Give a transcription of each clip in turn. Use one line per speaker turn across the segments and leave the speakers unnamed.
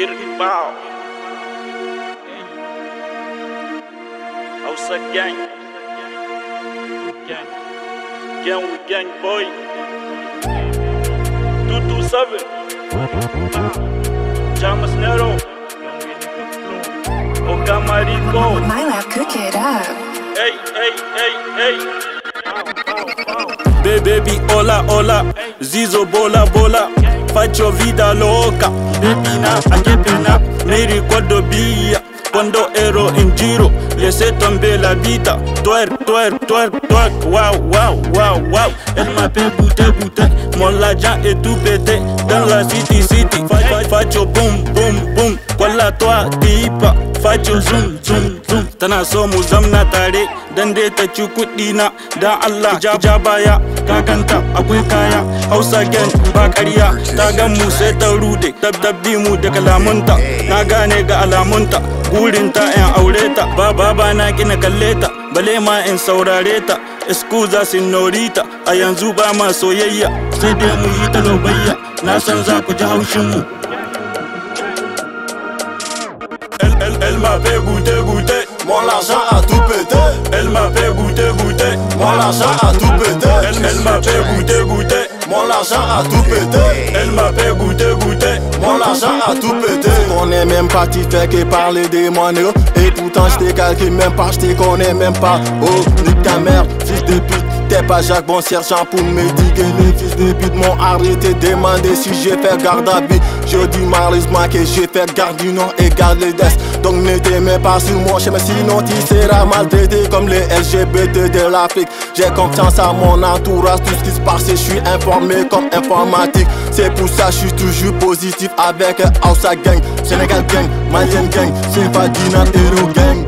get it bow. gang? Gang. Gang with gang boy. 227. Jamas Nero. My
lab, cook it up.
Hey, hey, hey, hey. Baby, baby, hola, hola. Zizo, bola, bola. faccio vita loca, bebina de ero in giro, laissez tomber la vita Twerk, twerk, twerk, twerk, wow, wow, wow, wow Elle m'appelle bouteille, bouteille, mon ja est tout pété Dans la city, city, faccio boum, boom, boom, boom la toi, tipa, faccio zoom, zoom, zoom Tana so muzam zamna tare, dan dai ta ci na Dan Allah, ja baya, kaya hausa gang ba karya ta gan mu sai ta rude dabdabdi mu da kalamunta na gane ga alamunta burinta in aure ta ba baba na kina kalle ta bale ma in saurare ta isku za a yanzu ba ma soyayya sai dai mu yi ta lobayya na
san za ku ji haushin mu elle, elle m'a fait goûter, goûter. Mon argent a tout pété. Elle m'a fait goûter, goûter. Mon argent a tout pété. Elle, elle m'a fait goûter, goûter. Mon argent a tout pété. Elle
m'a fait goûter, goûter. Mon argent a tout pété. On est même pas tu fait que parler des moineaux. Et pourtant, j't'ai calqué même pas, j't'ai connais même pas. Oh, nique ta mère, fils de pute. T'es pas Jacques, bon sergent pour me diguer les m'ont arrêté, demander si j'ai fait garde à vie. Je dis malheureusement que j'ai fait garde du nom et garde les dents. Donc ne t'aimais pas sur mon chemin, sinon tu seras maltraité comme les LGBT de l'Afrique. J'ai confiance à mon entourage, tout ce qui se passe, je suis informé comme informatique. C'est pour ça que je suis toujours positif avec Aoussa Gang, Sénégal Gang, Malian Gang, Sylvadina héros Gang.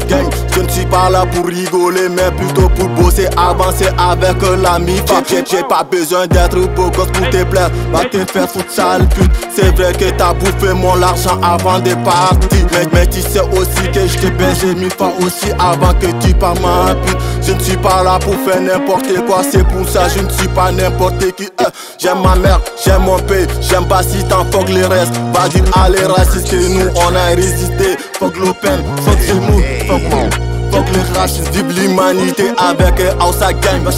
Je ne suis pas là pour rigoler mais plutôt pour bosser Avancer avec l'ami J'ai pas besoin d'être beau gosse pour te plaire Va te faire foutre sale pute C'est vrai que t'as bouffé mon argent avant de partir mais, tu sais aussi que je te baisé J'ai mis aussi avant que tu parles ma pute Je ne suis pas là pour faire n'importe quoi C'est pour ça je ne suis pas n'importe qui euh, J'aime ma mère, j'aime mon père J'aime pas si t'en que les restes vas à allez raciste nous on a résisté que l'open, c'est Zemmour, donc les Fuck le avec bah,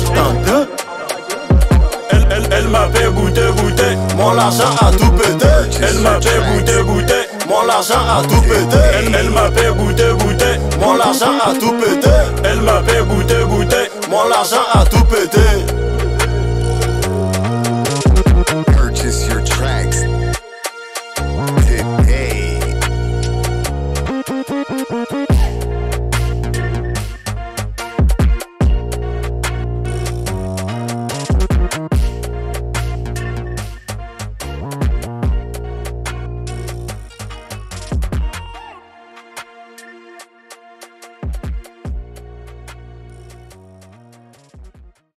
Elle, elle, elle m'a fait goûter, goûter Mon argent
a tout pété Elle m'a fait goûter, goûter Mon argent a tout pété Elle, elle m'a fait goûter, goûter Mon argent a tout pété Elle m'a fait goûter, goûter Mon argent a tout pété